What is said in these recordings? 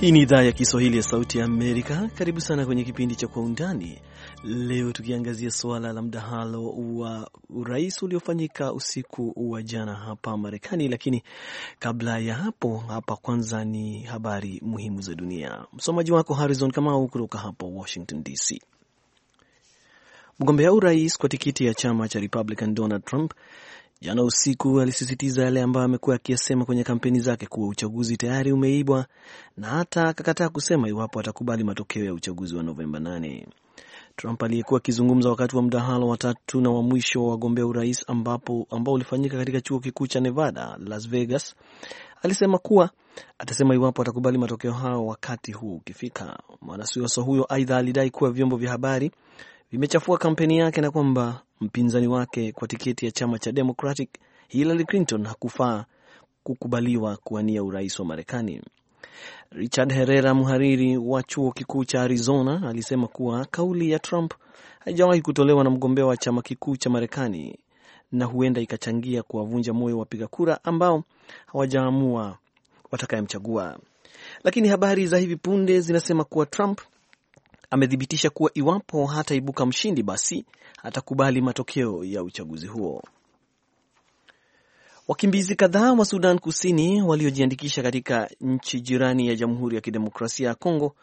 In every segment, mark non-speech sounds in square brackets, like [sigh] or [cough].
Hii ni idhaa ya Kiswahili ya Sauti ya Amerika. Karibu sana kwenye kipindi cha Kwa Undani, leo tukiangazia suala la mdahalo wa urais uliofanyika usiku wa jana hapa Marekani. Lakini kabla ya hapo, hapa kwanza ni habari muhimu za dunia. Msomaji wako Harrison Kamau kutoka hapa Washington DC. Mgombea urais kwa tikiti ya chama cha Republican Donald Trump Jana usiku alisisitiza yale ambayo amekuwa akiyasema kwenye kampeni zake kuwa uchaguzi tayari umeibwa na hata akakataa kusema iwapo atakubali matokeo ya uchaguzi wa Novemba 8. Trump aliyekuwa akizungumza wakati wa mdahalo wa tatu na wa mwisho wa wagombea urais ambapo ambao ulifanyika katika chuo kikuu cha Nevada, Las Vegas, alisema kuwa atasema iwapo atakubali matokeo hayo wakati huo ukifika. Mwanasiasa huyo aidha alidai kuwa vyombo vya habari vimechafua kampeni yake na kwamba mpinzani wake kwa tiketi ya chama cha Democratic Hillary Clinton hakufaa kukubaliwa kuwania urais wa Marekani. Richard Herrera, mhariri wa chuo kikuu cha Arizona, alisema kuwa kauli ya Trump haijawahi kutolewa na mgombea wa chama kikuu cha Marekani na huenda ikachangia kuwavunja moyo wapiga kura ambao hawajaamua watakayemchagua. Lakini habari za hivi punde zinasema kuwa Trump amethibitisha kuwa iwapo hataibuka mshindi, basi atakubali matokeo ya uchaguzi huo. Wakimbizi kadhaa wa Sudan Kusini waliojiandikisha katika nchi jirani ya Jamhuri ya Kidemokrasia ya Kongo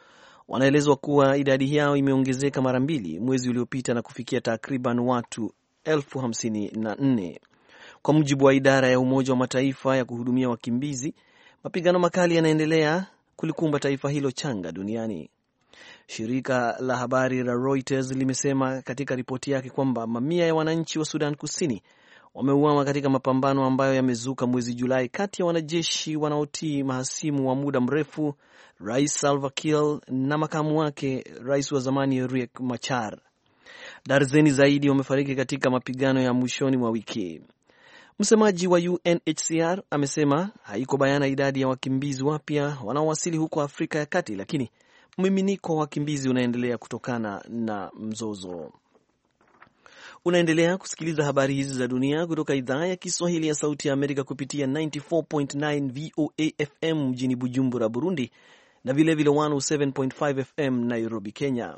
wanaelezwa kuwa idadi yao imeongezeka mara mbili mwezi uliopita na kufikia takriban watu elfu hamsini na nne kwa mujibu wa idara ya Umoja wa Mataifa ya kuhudumia wakimbizi. Mapigano makali yanaendelea kulikumba taifa hilo changa duniani. Shirika la habari la Reuters limesema katika ripoti yake kwamba mamia ya wananchi wa Sudan Kusini wameuawa katika mapambano ambayo yamezuka mwezi Julai kati ya wanajeshi wanaotii mahasimu wa muda mrefu Rais Salva Kiir na makamu wake rais wa zamani Riek Machar. Darzeni zaidi wamefariki katika mapigano ya mwishoni mwa wiki. Msemaji wa UNHCR amesema haiko bayana idadi ya wakimbizi wapya wanaowasili huko Afrika ya Kati, lakini Mmiminiko wa wakimbizi unaendelea kutokana na mzozo. Unaendelea kusikiliza habari hizi za dunia kutoka idhaa ya Kiswahili ya Sauti ya Amerika kupitia 94.9 VOA FM mjini Bujumbura, Burundi, na vilevile 107.5 FM Nairobi, Kenya.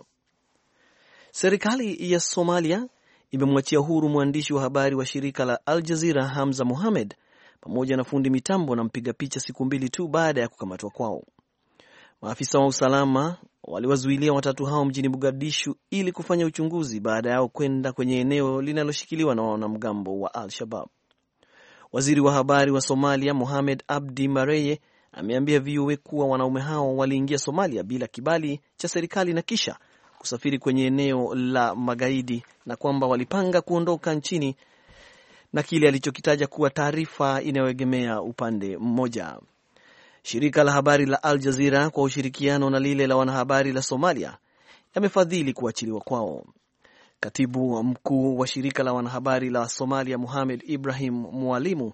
Serikali ya Somalia imemwachia huru mwandishi wa habari wa shirika la Al Jazeera Hamza Mohamed pamoja na fundi mitambo na mpiga picha siku mbili tu baada ya kukamatwa kwao. Maafisa wa usalama waliwazuilia watatu hao mjini Mogadishu ili kufanya uchunguzi baada yao kwenda kwenye eneo linaloshikiliwa na wanamgambo wa Al-Shabab. Waziri wa habari wa Somalia Mohamed Abdi Mareye ameambia VOA kuwa wanaume hao waliingia Somalia bila kibali cha serikali na kisha kusafiri kwenye eneo la magaidi na kwamba walipanga kuondoka nchini na kile alichokitaja kuwa taarifa inayoegemea upande mmoja. Shirika la habari la Al Jazeera kwa ushirikiano na lile la wanahabari la Somalia yamefadhili kuachiliwa kwao. Katibu mkuu wa shirika la wanahabari la Somalia muhamed Ibrahim Mwalimu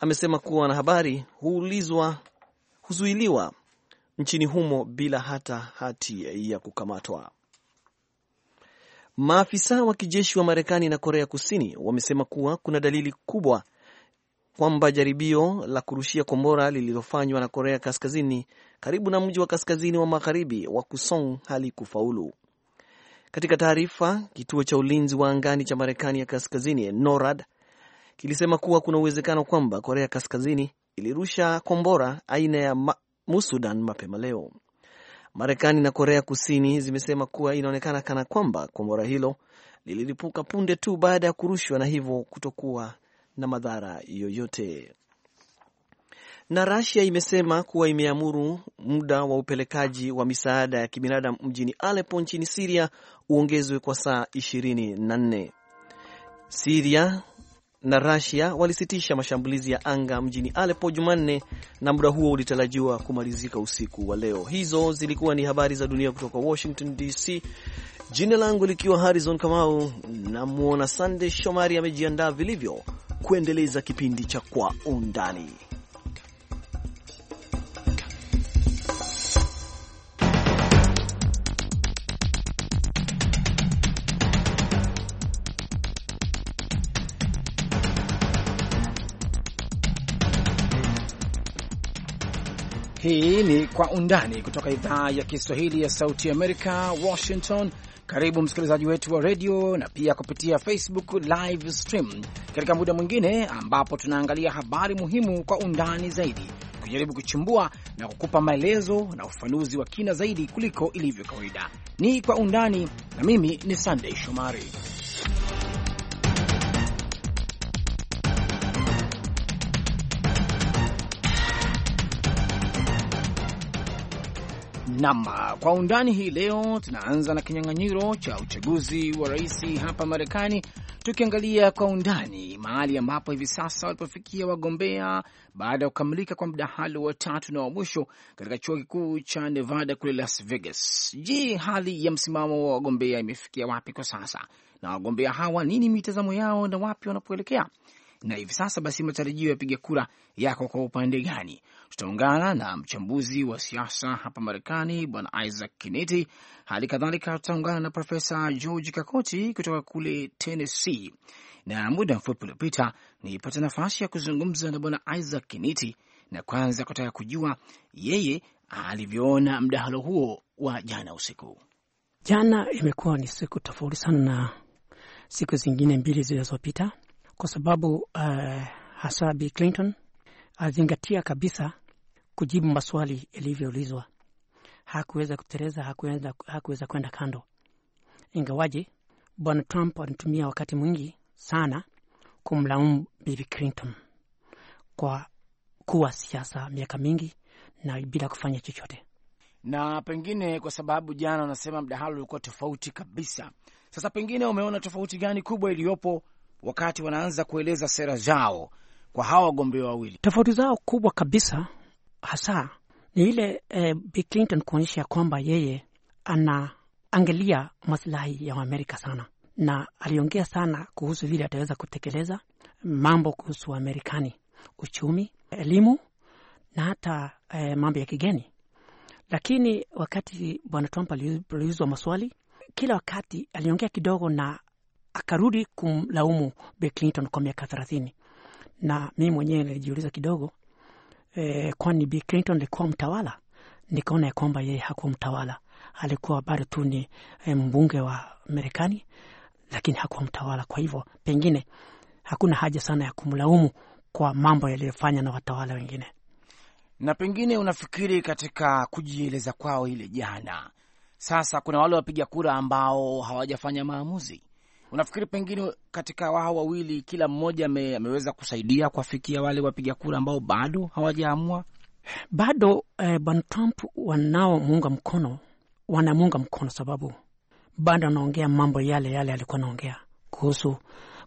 amesema kuwa wanahabari huulizwa huzuiliwa nchini humo bila hata hati ya kukamatwa. Maafisa wa kijeshi wa Marekani na Korea Kusini wamesema kuwa kuna dalili kubwa kwamba jaribio la kurushia kombora lililofanywa na Korea Kaskazini karibu na mji wa kaskazini wa magharibi wa Kusong halikufaulu. Katika taarifa, kituo cha ulinzi wa angani cha Marekani ya Kaskazini, NORAD, kilisema kuwa kuna uwezekano kwamba Korea Kaskazini ilirusha kombora aina ya ma Musudan mapema leo. Marekani na Korea Kusini zimesema kuwa inaonekana kana kwamba kombora hilo lililipuka punde tu baada ya kurushwa na hivyo kutokuwa na madhara yoyote. Na Russia imesema kuwa imeamuru muda wa upelekaji wa misaada ya kibinadamu mjini Aleppo nchini Syria uongezwe kwa saa 24. Syria na Russia walisitisha mashambulizi ya anga mjini Aleppo Jumanne na muda huo ulitarajiwa kumalizika usiku wa leo. Hizo zilikuwa ni habari za dunia kutoka Washington DC. Jina langu likiwa Harrison Kamau, namwona Sande Shomari amejiandaa vilivyo kuendeleza kipindi cha Kwa Undani. Hii ni Kwa Undani kutoka idhaa ya Kiswahili ya Sauti Amerika, Washington. Karibu msikilizaji wetu wa redio na pia kupitia Facebook live stream katika muda mwingine ambapo tunaangalia habari muhimu kwa undani zaidi, kujaribu kuchimbua na kukupa maelezo na ufafanuzi wa kina zaidi kuliko ilivyo kawaida. Ni Kwa Undani na mimi ni sandey Shomari. Nam kwa undani hii leo, tunaanza na kinyang'anyiro cha uchaguzi wa rais hapa Marekani, tukiangalia kwa undani mahali ambapo hivi sasa walipofikia wagombea baada ya kukamilika kwa mdahalo wa tatu na wa mwisho katika chuo kikuu cha Nevada kule Las Vegas. Je, hali ya msimamo wa wagombea imefikia wapi kwa sasa, na wagombea hawa nini mitazamo yao na wapi wanapoelekea? na hivi sasa basi matarajio ya piga kura yako kwa upande gani? Tutaungana na mchambuzi wa siasa hapa Marekani Bwana Isaac Kineti, hali kadhalika tutaungana na Profesa George Kakoti kutoka kule Tennessee, na muda mfupi uliopita nilipata nafasi ya kuzungumza na Bwana Isaac Kineti na kwanza kutaka kujua yeye alivyoona mdahalo huo wa jana usiku. Jana imekuwa ni siku tofauti sana na siku zingine mbili zilizopita kwa sababu uh, hasa Bi Clinton alizingatia kabisa kujibu maswali yalivyoulizwa. Hakuweza kutereza, hakuweza kwenda kando, ingawaje Bwana Trump alitumia wakati mwingi sana kumlaumu Bibi Clinton kwa kuwa siasa miaka mingi na bila kufanya chochote, na pengine kwa sababu jana unasema mdahalo ulikuwa tofauti kabisa. Sasa pengine umeona tofauti gani kubwa iliyopo wakati wanaanza kueleza sera zao kwa hawa wagombea wawili. Tofauti zao kubwa kabisa hasa ni ile eh, Bi Clinton kuonyesha ya kwamba yeye anaangalia masilahi ya Amerika sana, na aliongea sana kuhusu vile ataweza kutekeleza mambo kuhusu wamerikani uchumi, elimu na hata eh, mambo ya kigeni. Lakini wakati bwana Trump aliulizwa maswali, kila wakati aliongea kidogo na akarudi kumlaumu Bill Clinton kwa miaka thelathini. Na mimi mwenyewe nilijiuliza kidogo eh, kwani Bill Clinton alikuwa mtawala? Nikaona ya kwamba yeye hakuwa mtawala, alikuwa bado tu ni eh, mbunge wa Marekani, lakini hakuwa mtawala. Kwa hivyo pengine hakuna haja sana ya kumlaumu kwa mambo yaliyofanya na watawala wengine. Na pengine unafikiri katika kujieleza kwao ile jana, sasa kuna wale wapiga kura ambao hawajafanya maamuzi Unafikiri pengine katika wao wawili kila mmoja me, ameweza kusaidia kuwafikia wale wapiga kura ambao bado hawajaamua bado? Eh, bwana Trump wanaomuunga mkono wanamuunga mkono sababu bado anaongea mambo yale yale alikuwa anaongea kuhusu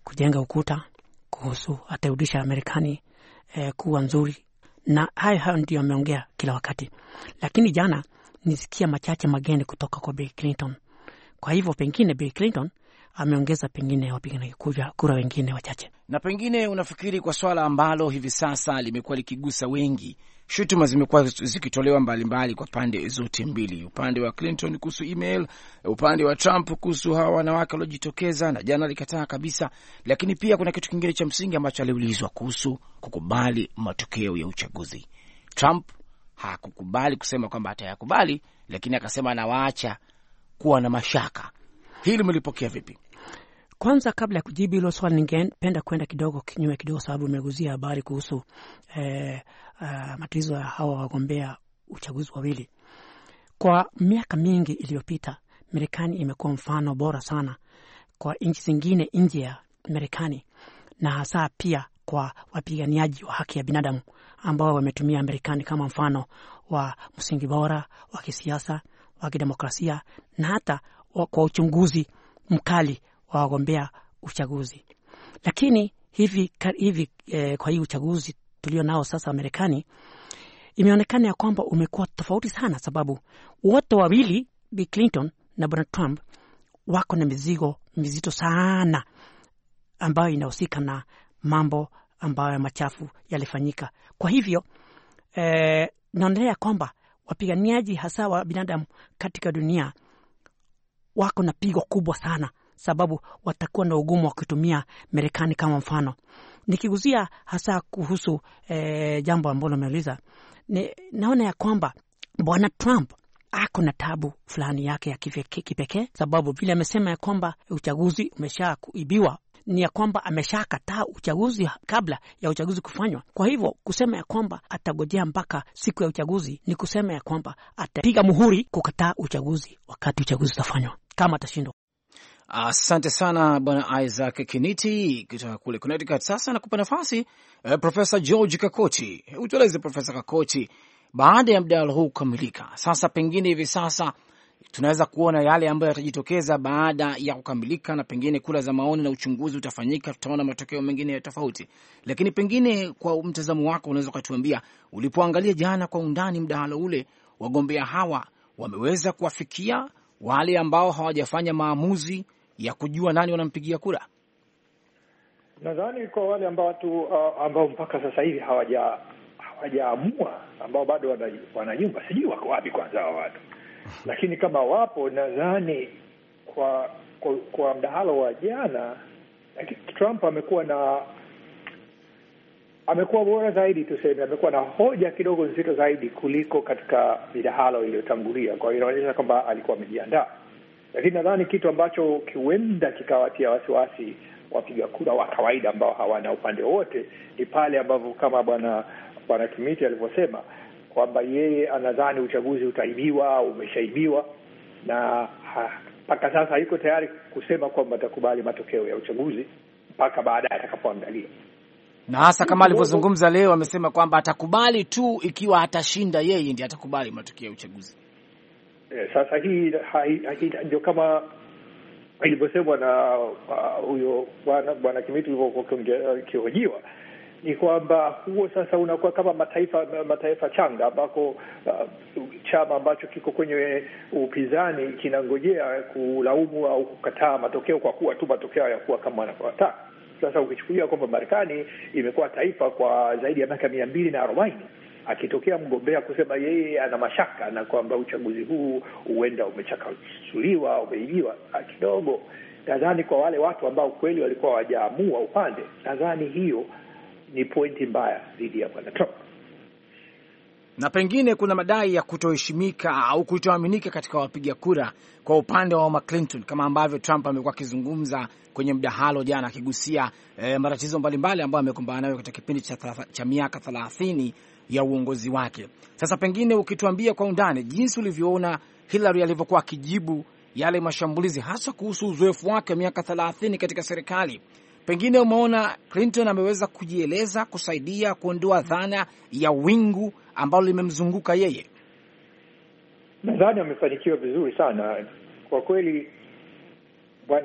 kujenga ukuta, kuhusu atarudisha Marekani eh, kuwa nzuri, na hayo hayo ndio ameongea kila wakati, lakini jana nisikia machache mageni kutoka kwa Bill Clinton. Kwa hivyo pengine Bill Clinton ameongeza pengine wapiga kura wengine wachache. Na pengine unafikiri kwa swala ambalo hivi sasa limekuwa likigusa wengi, shutuma zimekuwa zikitolewa mbalimbali kwa pande zote mbili, upande wa Clinton kuhusu email, upande wa Trump kuhusu hawa wanawake waliojitokeza na jana alikataa kabisa. Lakini pia kuna kitu kingine cha msingi ambacho aliulizwa kuhusu kukubali matokeo ya uchaguzi. Trump hakukubali kusema kwamba atayakubali, lakini akasema anawaacha kuwa na mashaka. Hili mlipokea vipi? Kwanza, kabla ya kujibu hilo swali, ningependa kwenda kidogo kinyume kidogo, sababu umeguzia habari kuhusu eh, uh, matatizo ya hawa wagombea uchaguzi wawili. Kwa miaka mingi iliyopita, Marekani imekuwa mfano bora sana kwa nchi zingine nje ya Marekani na hasa pia kwa wapiganiaji wa haki ya binadamu ambao wametumia Marekani kama mfano wa msingi bora wa kisiasa, wa kidemokrasia na hata kwa uchunguzi mkali wa wagombea uchaguzi. Lakini hivi, hivi eh, kwa hii uchaguzi tulio nao sasa Marekani imeonekana ya kwamba umekuwa tofauti sana, sababu wote wawili Bi Clinton na Bwana Trump wako na mizigo mizito sana ambayo inahusika na mambo ambayo machafu yalifanyika. Kwa hivyo eh, naonelea kwamba wapiganiaji hasa wa binadamu katika dunia wako na pigo kubwa sana sababu watakuwa na ugumu wa kutumia Marekani kama mfano. Nikiguzia hasa kuhusu eh, jambo ambalo ameuliza, naona ya kwamba bwana Trump ako na tabu fulani yake ya kipekee, sababu vile amesema ya kwamba uchaguzi umesha kuibiwa ni ya kwamba ameshakataa uchaguzi kabla ya uchaguzi kufanywa. Kwa hivyo kusema ya kwamba atagojea mpaka siku ya uchaguzi ni kusema ya kwamba atapiga muhuri kukataa uchaguzi wakati uchaguzi utafanywa kama atashindwa. Asante sana bwana Isaac Kiniti kutoka kule Connecticut. Sasa nakupa nafasi uh, eh, Profesa George Kakoti. hebu tueleze Profesa Kakoti, baada ya mdahalo huu kukamilika, sasa pengine hivi sasa tunaweza kuona yale ambayo yatajitokeza baada ya kukamilika, na pengine kura za maoni na uchunguzi utafanyika, tutaona matokeo mengine ya tofauti. Lakini pengine kwa mtazamo wako, unaweza ukatuambia, ulipoangalia jana kwa undani mdahalo ule, wagombea hawa wameweza kuwafikia wale ambao hawajafanya maamuzi ya kujua nani wanampigia kura? Nadhani kwa wale ambao watu uh, ambao mpaka sasa hivi hawaja hawajaamua ambao bado wananyumba, sijui wako wapi kwanza hao watu [laughs] lakini kama wapo, nadhani kwa kwa, kwa mdahalo wa jana Trump amekuwa na amekuwa bora zaidi, tuseme, amekuwa na hoja kidogo nzito zaidi kuliko katika midahalo iliyotangulia. Kwa hiyo inaonyesha kwamba alikuwa amejiandaa. Lakini nadhani kitu ambacho kiwenda kikawatia wasiwasi wapiga kura wa kawaida ambao hawana upande wowote ni pale ambavyo kama bwana bwana Kimiti alivyosema kwamba yeye anadhani uchaguzi utaibiwa, umeshaibiwa na mpaka sasa hayuko tayari kusema kwamba atakubali matokeo ya uchaguzi mpaka baadaye atakapoangalia na hasa kama alivyozungumza leo, amesema kwamba atakubali tu ikiwa atashinda yeye, ndiye atakubali matokeo ya uchaguzi sasa eh, hii ndio kama ilivyosemwa na uh, huyo uh, bwana bwana Kimiti ulivyokihojiwa ni kwamba huo sasa unakuwa kama mataifa mataifa changa ambako uh, chama ambacho kiko kwenye upinzani kinangojea kulaumu au kukataa matokeo kwa kuwa tu matokeo hayakuwa kama wanavyotaka. Sasa ukichukulia kwamba Marekani imekuwa taifa kwa zaidi ya miaka mia mbili na arobaini akitokea mgombea kusema yeye ana mashaka na kwamba uchaguzi huu huenda umechakasuliwa, umeibiwa ah, kidogo, nadhani kwa wale watu ambao kweli walikuwa wajaamua upande, nadhani hiyo ni pointi mbaya dhidi ya bwana Trump na pengine kuna madai ya kutoheshimika au kutoaminika katika wapiga kura kwa upande wa oma Clinton, kama ambavyo Trump amekuwa akizungumza kwenye mdahalo jana, akigusia eh, matatizo mbalimbali ambayo amekumbana nayo katika kipindi cha, cha miaka thelathini ya uongozi wake. Sasa pengine ukituambia kwa undani jinsi ulivyoona Hillary alivyokuwa akijibu yale mashambulizi, hasa kuhusu uzoefu wake wa miaka 30 katika serikali, pengine umeona Clinton ameweza kujieleza, kusaidia kuondoa dhana ya wingu ambalo limemzunguka yeye. Nadhani amefanikiwa vizuri sana kwa kweli.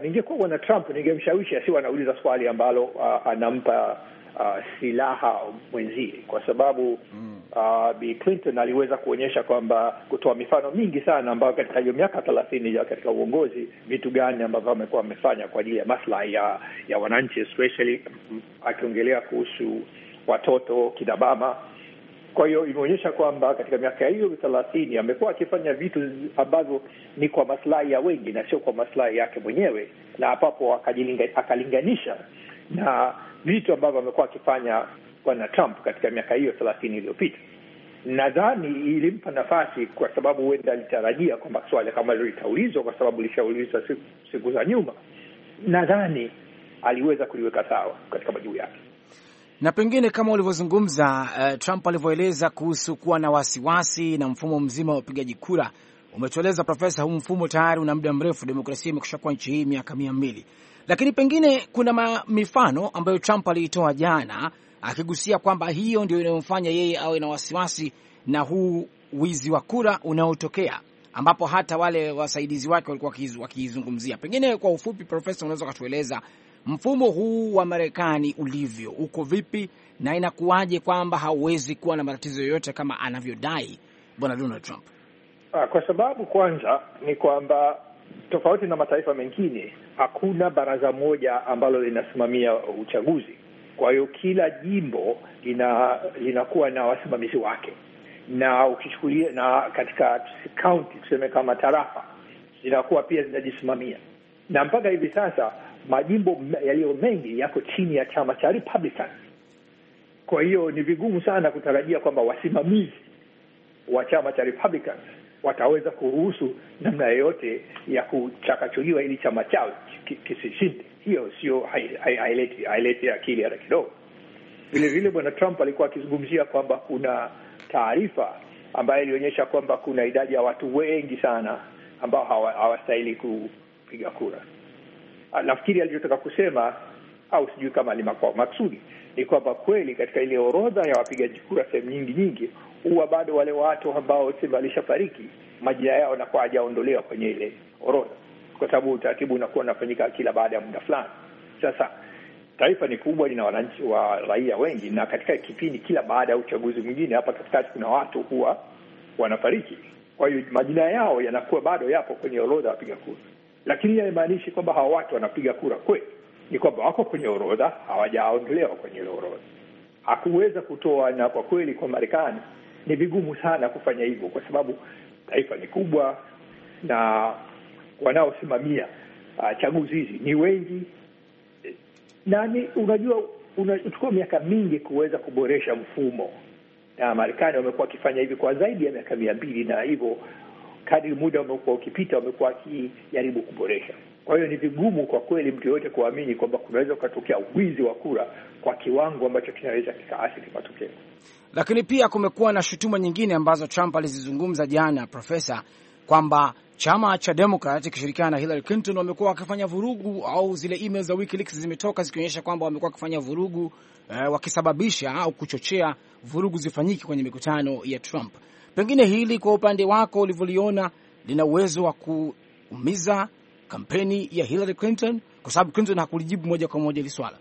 Ningekuwa bwana Trump ningemshawishi asiwe anauliza swali ambalo uh, anampa uh, silaha mwenzie, kwa sababu mm. uh, Bi Clinton aliweza kuonyesha kwamba, kutoa mifano mingi sana ambayo katika hiyo miaka thelathini katika uongozi, vitu gani ambavyo amekuwa amefanya kwa ajili ya maslahi ya, ya wananchi, especially mm, akiongelea kuhusu watoto kina mama kwa hiyo imeonyesha kwamba katika miaka hiyo thelathini amekuwa akifanya vitu ambavyo ni kwa maslahi ya wengi na sio kwa maslahi yake mwenyewe, na papo akalinganisha na vitu ambavyo amekuwa akifanya bwana Trump katika miaka hiyo thelathini iliyopita. Nadhani ilimpa nafasi, kwa sababu huenda alitarajia kwamba swali kama hilo litaulizwa, kwa sababu lishaulizwa siku, siku za nyuma. Nadhani aliweza kuliweka sawa katika majibu yake na pengine kama ulivyozungumza uh, Trump alivyoeleza kuhusu kuwa na wasiwasi na mfumo mzima wa upigaji kura Umetueleza Profesa, huu mfumo tayari una muda mrefu, demokrasia imekusha kuwa nchi hii miaka mia mbili, lakini pengine kuna mifano ambayo Trump aliitoa jana akigusia kwamba hiyo ndio inayomfanya yeye awe na wasiwasi na huu wizi wa kura unaotokea, ambapo hata wale wasaidizi wake walikuwa wakiizungumzia. Pengine kwa ufupi, Profesa, unaweza ukatueleza mfumo huu wa Marekani ulivyo, uko vipi na inakuwaje kwamba hauwezi kuwa na matatizo yoyote kama anavyodai bwana Donald Trump? Ah, kwa sababu kwanza ni kwamba tofauti na mataifa mengine, hakuna baraza moja ambalo linasimamia uchaguzi. Kwa hiyo kila jimbo lina linakuwa na wasimamizi wake, na ukichukulia na katika kaunti tuseme kama tarafa zinakuwa pia zinajisimamia, na mpaka hivi sasa majimbo yaliyo mengi yako chini ya chama cha Republican. Kwa hiyo ni vigumu sana kutarajia kwamba wasimamizi wa chama cha Republicans wataweza kuruhusu namna yoyote ya kuchakachuliwa ili chama chao kisishinde. Hiyo sio haileti akili hata kidogo. Vile vile bwana Trump alikuwa akizungumzia kwamba kuna taarifa ambayo ilionyesha kwamba kuna idadi ya watu wengi sana ambao hawastahili hawa kupiga kura. Ah, nafikiri alichotaka kusema au sijui kama alimakwa maksudi ni kwamba kweli katika ile orodha ya wapigaji kura sehemu nyingi nyingi huwa bado wale watu ambao Simba alishafariki majina yao nakuwa hajaondolewa kwenye ile orodha, kwa sababu utaratibu unakuwa unafanyika kila baada ya muda fulani. Sasa taifa ni kubwa, lina wananchi wa raia wengi, na katika kipindi kila baada ya uchaguzi mwingine hapa katikati kuna watu huwa wanafariki. Kwa hiyo majina yao yanakuwa bado yapo kwenye orodha ya wapiga kura, lakini haimaanishi kwamba hawa watu wanapiga kura kweli. Ni kwamba wako kwenye orodha, hawajaondolewa kwenye ile orodha. Hakuweza kutoa na kwa kweli kwa Marekani ni vigumu sana kufanya hivyo, kwa sababu taifa ni kubwa na wanaosimamia uh, chaguzi hizi ni wengi, na ni unajua, unachukua miaka mingi kuweza kuboresha mfumo, na Marekani wamekuwa wakifanya hivi kwa zaidi ya miaka mia mbili, na hivyo kadri muda umekuwa ukipita, wamekuwa wakijaribu kuboresha kwa hiyo ni vigumu kwa kweli mtu yoyote kuamini kwamba kunaweza kukatokea wizi wa kura kwa kiwango ambacho kinaweza kikaathiri matokeo. Lakini pia kumekuwa na shutuma nyingine ambazo Trump alizizungumza jana, Profesa, kwamba chama cha Demokrat kishirikiana na Hillary Clinton wamekuwa wakifanya vurugu, au zile email za WikiLeaks zimetoka zikionyesha kwamba wamekuwa wakifanya vurugu eh, wakisababisha au kuchochea vurugu zifanyike kwenye mikutano ya Trump. Pengine hili kwa upande wako ulivyoliona lina uwezo wa kuumiza kampeni ya Hillary Clinton, kwa sababu Clinton hakulijibu moja kwa moja hili swala?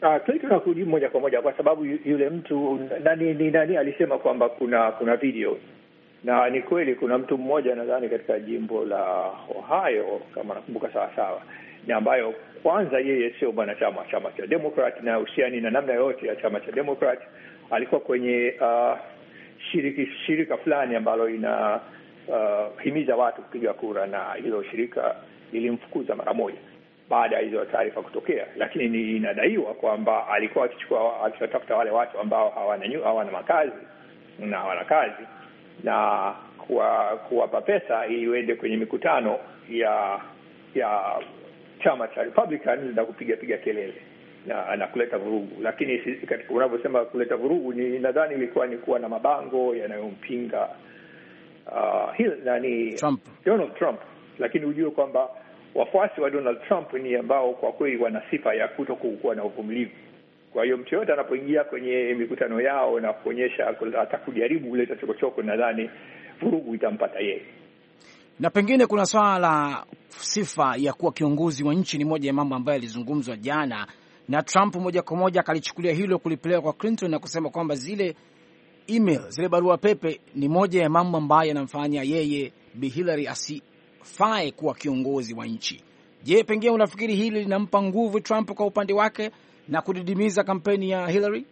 Ah, Clinton hakulijibu moja kwa moja kwa sababu yule mtu nani, nani, nani alisema kwamba kuna kuna video, na ni kweli kuna mtu mmoja nadhani katika jimbo la Ohio kama nakumbuka sawasawa, na ambayo kwanza yeye sio mwanachama chama cha Democrat na uhusiani na namna yote ya chama cha Democrat, alikuwa kwenye uh, shiriki, shirika fulani ambalo inahimiza ah, uh, watu kupiga kura, na hilo shirika lilimfukuza mara moja baada ya hizo taarifa kutokea, lakini inadaiwa kwamba alikuwa akichukua akiwatafuta wale watu ambao hawana hawana makazi na hawana kazi na kuwapa pesa ili uende kwenye mikutano ya ya chama cha Republican na kupiga piga kelele na, na kuleta vurugu. Lakini katika unavyosema kuleta vurugu, ni nadhani ilikuwa ni kuwa na mabango yanayompinga uh, nani Trump. Donald Trump, lakini hujue kwamba wafuasi wa Donald Trump ni ambao kwa kweli wana sifa ya kuto kuwa na uvumilivu. Kwa hiyo mtu yoyote anapoingia kwenye mikutano yao na kuonyesha hata kujaribu kuleta chokochoko, nadhani vurugu itampata yeye. Na pengine kuna swala la sifa ya kuwa kiongozi wa nchi, ni moja ya mambo ambayo yalizungumzwa jana na Trump moja kwa moja akalichukulia hilo kulipeleka kwa Clinton na kusema kwamba zile email, zile barua pepe ni moja ya mambo ambayo yanamfanya yeye Bi Hillary asi fae kuwa kiongozi wa nchi. Je, pengine unafikiri hili linampa nguvu Trump kwa upande wake na kudidimiza kampeni ya Hillary?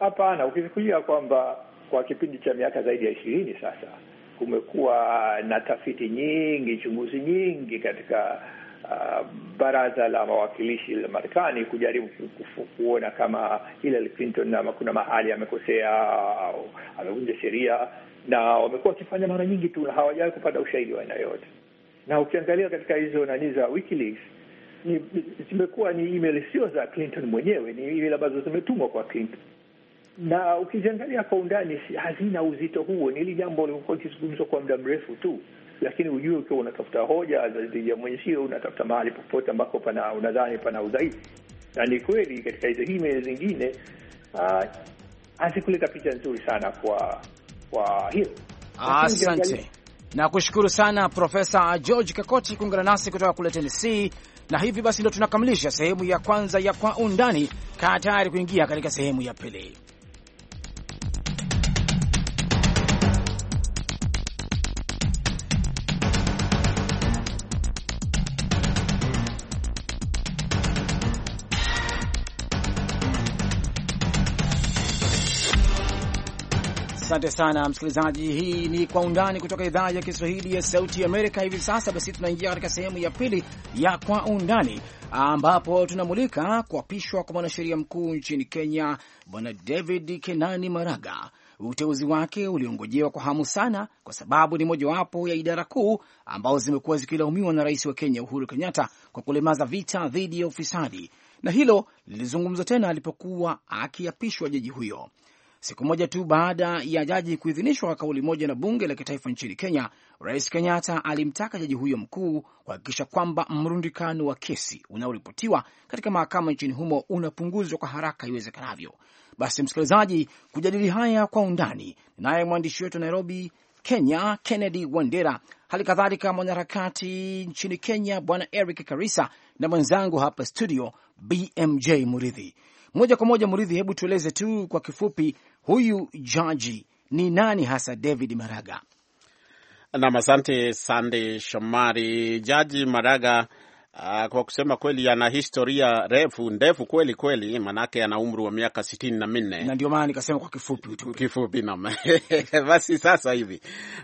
Hapana, ukifikiria kwamba kwa kipindi cha miaka zaidi ya ishirini sasa kumekuwa na tafiti nyingi, chunguzi nyingi katika uh, baraza la mawakilishi la Marekani kujaribu kufu, kuona kama Hillary Clinton kuna mahali amekosea au amevunja sheria na wamekuwa wakifanya mara nyingi tu na hawajawahi kupata ushahidi wa aina yoyote. Na ukiangalia katika hizo nani za WikiLeaks ni zimekuwa ni email sio za Clinton mwenyewe, ni email ambazo zimetumwa kwa Clinton, na ukiziangalia kwa undani hazina uzito huo. Ni hili jambo limekuwa ikizungumzwa kwa muda mrefu tu, lakini ujue, ukiwa unatafuta hoja dhidi ya mwenzio, unatafuta mahali popote ambako pana unadhani pana udhaifu, na ni kweli katika hizo email zingine ah, hazikuleta picha nzuri sana kwa kwa hilo. Asante na kushukuru sana Profesa George Kakoti kuungana nasi kutoka kule Tennessee. Na hivi basi ndo tunakamilisha sehemu ya kwanza ya Kwa Undani. Kaa tayari kuingia katika sehemu ya pili. Asante sana msikilizaji, hii ni Kwa Undani kutoka idhaa ya Kiswahili ya Sauti Amerika. Hivi sasa basi, tunaingia katika sehemu ya pili ya Kwa Undani ambapo tunamulika kuapishwa kwa mwanasheria mkuu nchini Kenya, Bwana David Kenani Maraga. Uteuzi wake uliongojewa kwa hamu sana, kwa sababu ni mojawapo ya idara kuu ambazo zimekuwa zikilaumiwa na rais wa Kenya Uhuru Kenyatta kwa kulemaza vita dhidi ya ufisadi, na hilo lilizungumzwa tena alipokuwa akiapishwa jaji huyo siku moja tu baada ya jaji kuidhinishwa kwa kauli moja na bunge la kitaifa nchini Kenya, Rais Kenyatta alimtaka jaji huyo mkuu kuhakikisha kwamba mrundikano wa kesi unaoripotiwa katika mahakama nchini humo unapunguzwa kwa haraka iwezekanavyo. Basi msikilizaji, kujadili haya kwa undani, naye mwandishi wetu Nairobi, Kenya, Kennedy Wandera, hali kadhalika mwanaharakati nchini Kenya Bwana Eric Karisa na mwenzangu hapa studio BMJ Muridhi. Moja kwa moja Mridhi, hebu tueleze tu kwa kifupi huyu jaji ni nani hasa? David Maraga. Nam, asante Sande Shomari. Jaji Maraga Uh, kwa kusema kweli ana historia refu ndefu kweli kweli, manake ana umri wa miaka sitini na minne na ndio maana nikasema kwa kifupi tu kifupi nam [laughs] basi sasa hivi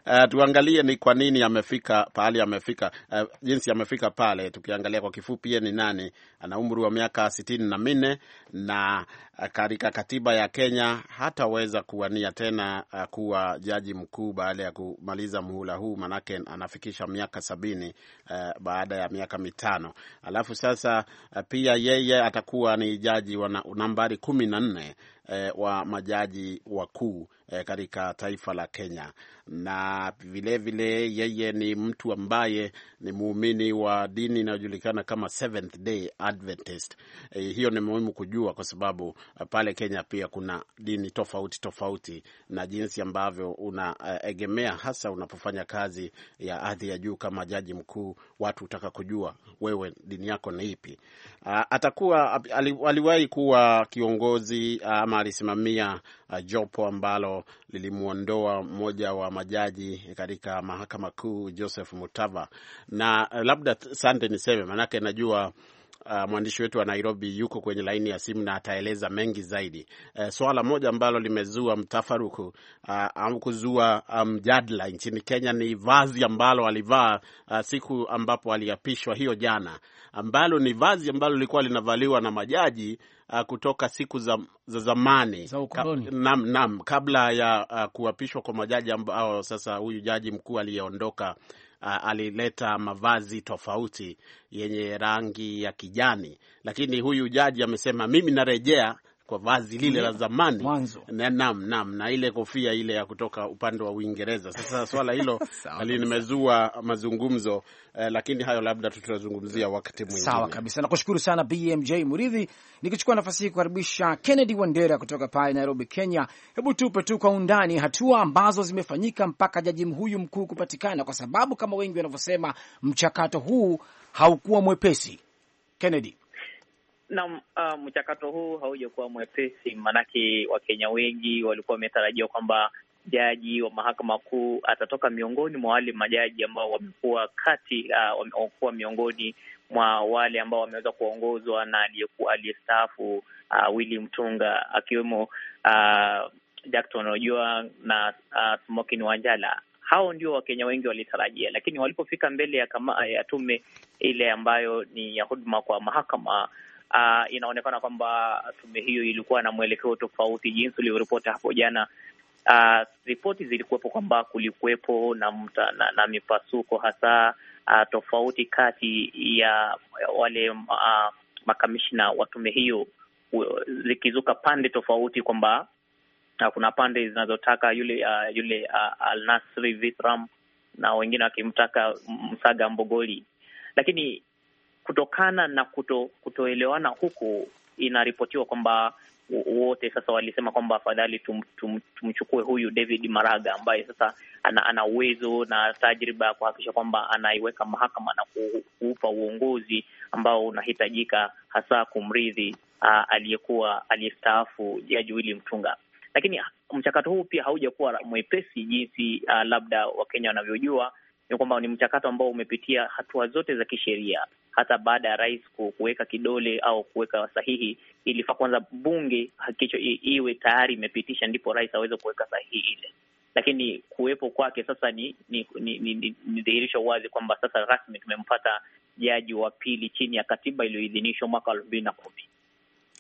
uh, tuangalie ni kwa nini amefika pahali amefika, uh, jinsi amefika pale. Tukiangalia kwa kifupi, ye ni nani? Ana umri wa miaka sitini na minne na Eh, katika katiba ya Kenya hataweza kuwania tena eh, kuwa jaji mkuu baada ya kumaliza muhula huu, manake anafikisha miaka sabini uh, baada ya miaka mitano. Alafu sasa pia yeye atakuwa ni jaji wa nambari kumi na nne eh, wa majaji wakuu eh, katika taifa la Kenya, na vilevile vile, yeye ni mtu ambaye ni muumini wa dini inayojulikana kama Seventh Day Adventist. Eh, hiyo ni muhimu kujua kwa sababu eh, pale Kenya pia kuna dini tofauti tofauti na jinsi ambavyo unaegemea eh, hasa unapofanya kazi ya hadhi ya juu kama jaji mkuu, watu utaka kujua wewe dini yako ni ipi. Ah, atakuwa aliwahi kuwa kiongozi ama Obama alisimamia uh, jopo ambalo lilimwondoa mmoja wa majaji katika mahakama kuu Joseph Mutava, na uh, labda sande niseme, maanake najua uh, mwandishi wetu wa Nairobi yuko kwenye laini ya simu na ataeleza mengi zaidi. Uh, swala moja ambalo limezua mtafaruku uh, au kuzua ah, mjadala um, nchini Kenya ni vazi ambalo alivaa uh, siku ambapo aliapishwa hiyo jana, ambalo ni vazi ambalo lilikuwa linavaliwa na majaji Uh, kutoka siku za, za zamani ka, nam, nam, kabla ya uh, kuapishwa kwa majaji ambao sasa huyu jaji mkuu aliyeondoka uh, alileta mavazi tofauti yenye rangi ya kijani, lakini huyu jaji amesema mimi narejea kwa vazi lile la zamani mwanzo, nam, na ile kofia ile ya kutoka upande wa Uingereza. Sasa swala hilo limezua [laughs] mazungumzo eh, lakini hayo labda tutazungumzia wakati mwingine. Sawa kabisa, nakushukuru sana BMJ Muridhi. Nikichukua nafasi hii kukaribisha Kennedy Wandera kutoka pale Nairobi, Kenya. Hebu tupe tu kwa undani hatua ambazo zimefanyika mpaka jaji huyu mkuu kupatikana, kwa sababu kama wengi wanavyosema mchakato huu haukuwa mwepesi. Kennedy Naam, uh, mchakato huu haujakuwa mwepesi, maanake Wakenya wengi walikuwa wametarajia kwamba jaji wa mahakama kuu atatoka miongoni mwa wale majaji ambao wamekuwa kati uh, wamekuwa miongoni mwa wale ambao wameweza kuongozwa na aliyekuwa aliyestaafu uh, Willy Mtunga akiwemo uh, Jackton Ojwang na uh, Smokin Wanjala. Hao ndio Wakenya wengi walitarajia, lakini walipofika mbele ya, kama, ya tume ile ambayo ni ya huduma kwa mahakama uh, inaonekana kwamba tume hiyo ilikuwa na mwelekeo tofauti jinsi ulivyoripoti hapo jana. Uh, ripoti zilikuwepo kwamba kulikuwepo na, na, na mipasuko hasa uh, tofauti kati ya wale uh, makamishna wa tume hiyo zikizuka pande tofauti kwamba kuna pande zinazotaka yule uh, yule uh, Alnasri Vitram na wengine wakimtaka Msaga Mbogoli, lakini Kutokana na kuto, kutoelewana huku, inaripotiwa kwamba wote sasa walisema kwamba afadhali tum, tum, tumchukue huyu David Maraga ambaye sasa ana uwezo na tajriba ya kuhakikisha kwamba anaiweka mahakama na kuupa uongozi ambao unahitajika hasa kumrithi aliyekuwa aliyestaafu Jaji Willy Mtunga. Lakini mchakato huu pia haujakuwa mwepesi jinsi labda Wakenya wanavyojua ni kwamba ni mchakato ambao umepitia hatua zote za kisheria, hata baada ya rais kuweka kidole au kuweka sahihi, ilifaa kwanza bunge hakicho iwe tayari imepitisha, ndipo rais aweze kuweka sahihi ile. Lakini kuwepo kwake sasa ni ni ni, ni, ni, ni dhihirisho wazi kwamba sasa rasmi tumempata jaji wa pili chini ya katiba iliyoidhinishwa mwaka elfu mbili na kumi.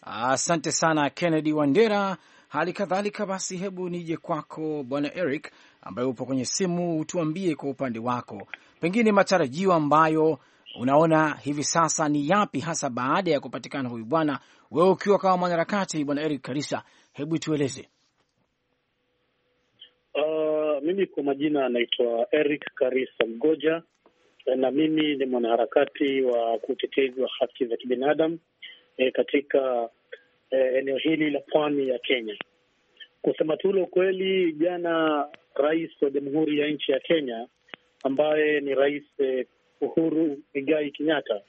Asante sana Kennedy Wandera. Hali kadhalika basi, hebu nije kwako Bwana Eric ambayo upo kwenye simu, utuambie kwa upande wako, pengine matarajio ambayo unaona hivi sasa ni yapi hasa baada ya kupatikana huyu bwana, wewe ukiwa kama mwanaharakati bwana Eric Karisa, hebu tueleze. Uh, mimi kwa majina anaitwa Eric Karisa Mgoja na mimi ni mwanaharakati wa kutetezi wa haki za kibinadamu eh, katika eh, eneo hili la pwani ya Kenya. Kusema tu ule ukweli, jana rais wa jamhuri ya nchi ya Kenya ambaye ni Rais eh, Uhuru Igai Kenyatta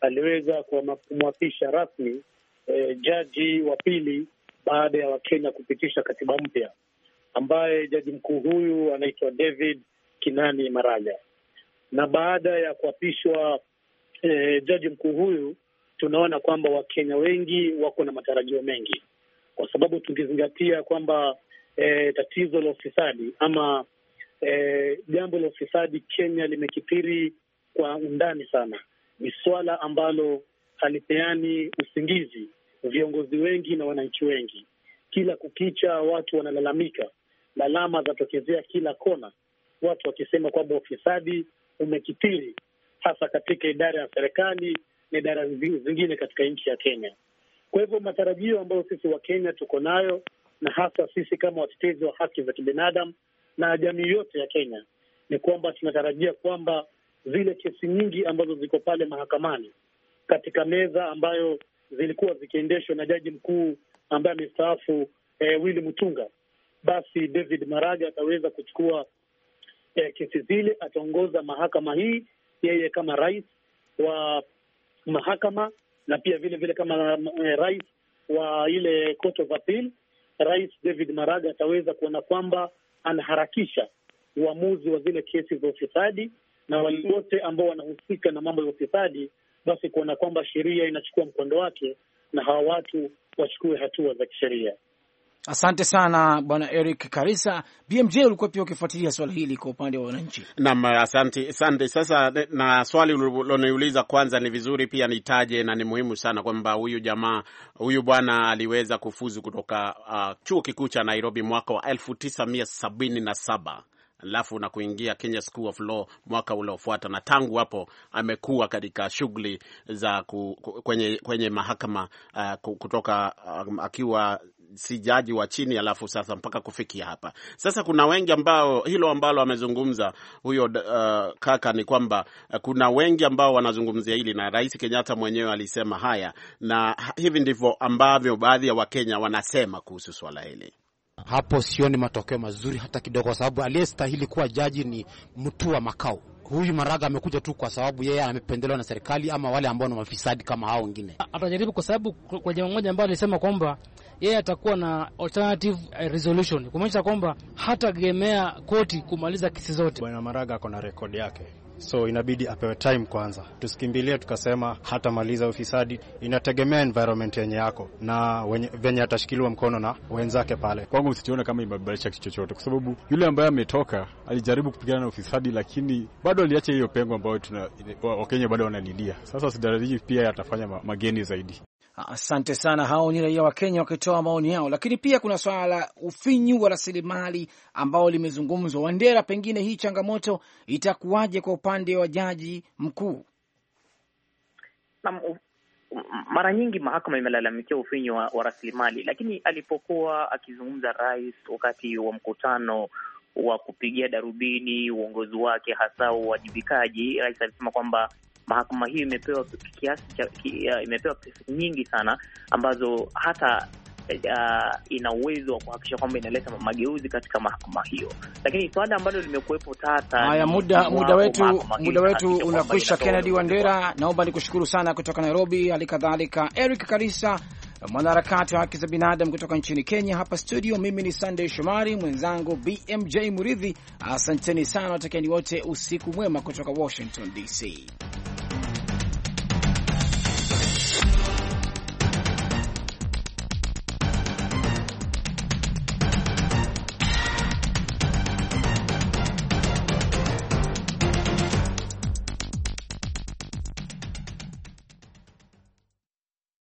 aliweza kumwapisha rasmi eh, jaji wa pili baada ya Wakenya kupitisha katiba mpya ambaye jaji mkuu huyu anaitwa David Kinani Maraga. Na baada ya kuapishwa eh, jaji mkuu huyu, tunaona kwamba Wakenya wengi wako na matarajio mengi, kwa sababu tukizingatia kwamba e, tatizo la ufisadi ama e, jambo la ufisadi Kenya limekithiri kwa undani sana. Ni swala ambalo halipeani usingizi viongozi wengi na wananchi wengi. Kila kukicha watu wanalalamika, lalama zatokezea kila kona, watu wakisema kwamba ufisadi umekithiri hasa katika idara ya serikali na idara zingine katika nchi ya Kenya. Kwa hivyo matarajio ambayo sisi Wakenya tuko nayo na hasa sisi kama watetezi wa haki za kibinadamu na jamii yote ya Kenya ni kwamba tunatarajia kwamba zile kesi nyingi ambazo ziko pale mahakamani katika meza ambayo zilikuwa zikiendeshwa na jaji mkuu ambaye amestaafu eh, Willy Mutunga, basi David Maraga ataweza kuchukua eh, kesi zile, ataongoza mahakama hii yeye kama rais wa mahakama na pia vile vile kama eh, rais wa ile Court of Appeal Rais David Maraga ataweza kuona kwamba anaharakisha uamuzi wa zile kesi za ufisadi na wale wote ambao wanahusika na mambo ya ufisadi, basi kuona kwamba sheria inachukua mkondo wake na hawa watu wachukue hatua za kisheria. Asante sana bwana Eric Karisa. BMJ, ulikuwa pia ukifuatilia swala hili kwa upande wa wananchi. Naam, asante sante. Sasa na swali uliloniuliza kwanza, ni vizuri pia nitaje na ni muhimu sana kwamba huyu jamaa huyu bwana aliweza kufuzu kutoka uh, chuo kikuu cha Nairobi mwaka wa saba alafu na kuingia Kenya School of Law mwaka uliofuata, na tangu hapo amekuwa katika shughuli za ku, kwenye, kwenye mahakama uh, kutoka uh, akiwa si jaji wa chini, alafu sasa mpaka kufikia hapa. Sasa kuna wengi ambao hilo ambalo amezungumza huyo uh, kaka ni kwamba uh, kuna wengi ambao wanazungumzia hili, na Rais Kenyatta mwenyewe alisema haya, na hivi ndivyo ambavyo baadhi ya Wakenya wanasema kuhusu swala hili. Hapo sioni matokeo mazuri hata kidogo, kwa sababu aliyestahili kuwa jaji ni mtu wa makao. Huyu Maraga amekuja tu kwa sababu yeye amependelewa na serikali ama wale ambao ni mafisadi kama hao wengine. Atajaribu kwa sababu kwa jambo moja ambayo alisema kwamba yeye atakuwa na alternative eh, resolution, kumaanisha kwamba hatagemea koti kumaliza kesi zote. Bwana Maraga ako na rekodi yake so inabidi apewe time kwanza. Tusikimbilie tukasema hatamaliza ufisadi. Inategemea environment yenye yako na venye atashikiliwa mkono na wenzake pale. Kwangu msikiona kama imebadilisha kitu chochote, kwa sababu yule ambaye ametoka alijaribu kupigana na ufisadi, lakini bado aliacha hiyo pengo ambayo tuna Wakenya bado wanalilia. Sasa sitarajii pia atafanya mageni zaidi. Asante sana. Hao ni raia wa Kenya wakitoa maoni yao, lakini pia kuna swala la ufinyu wa rasilimali ambao limezungumzwa. Wandera, pengine hii changamoto itakuwaje kwa upande wa jaji mkuu? mara nyingi mahakama imelalamikia ufinyu wa, wa rasilimali, lakini alipokuwa akizungumza rais wakati wa mkutano wa kupigia darubini uongozi wake hasa uwajibikaji, rais alisema kwamba mahakama hiyo imepewa kiasi cha imepewa pesa nyingi sana ambazo hata Uh, ina uwezo wa kuhakikisha kwamba inaleta mageuzi katika mahakama hiyo, lakini swala ambalo limekuwepo tata. Haya, muda muda wetu muda wetu unakwisha. Kennedy Wandera, naomba nikushukuru sana kutoka Nairobi, hali kadhalika Eric Karisa, mwanaharakati wa haki za binadamu kutoka nchini Kenya. Hapa studio, mimi ni Sunday Shomari, mwenzangu BMJ Muridhi. Asanteni sana, watakieni wote usiku mwema kutoka Washington DC.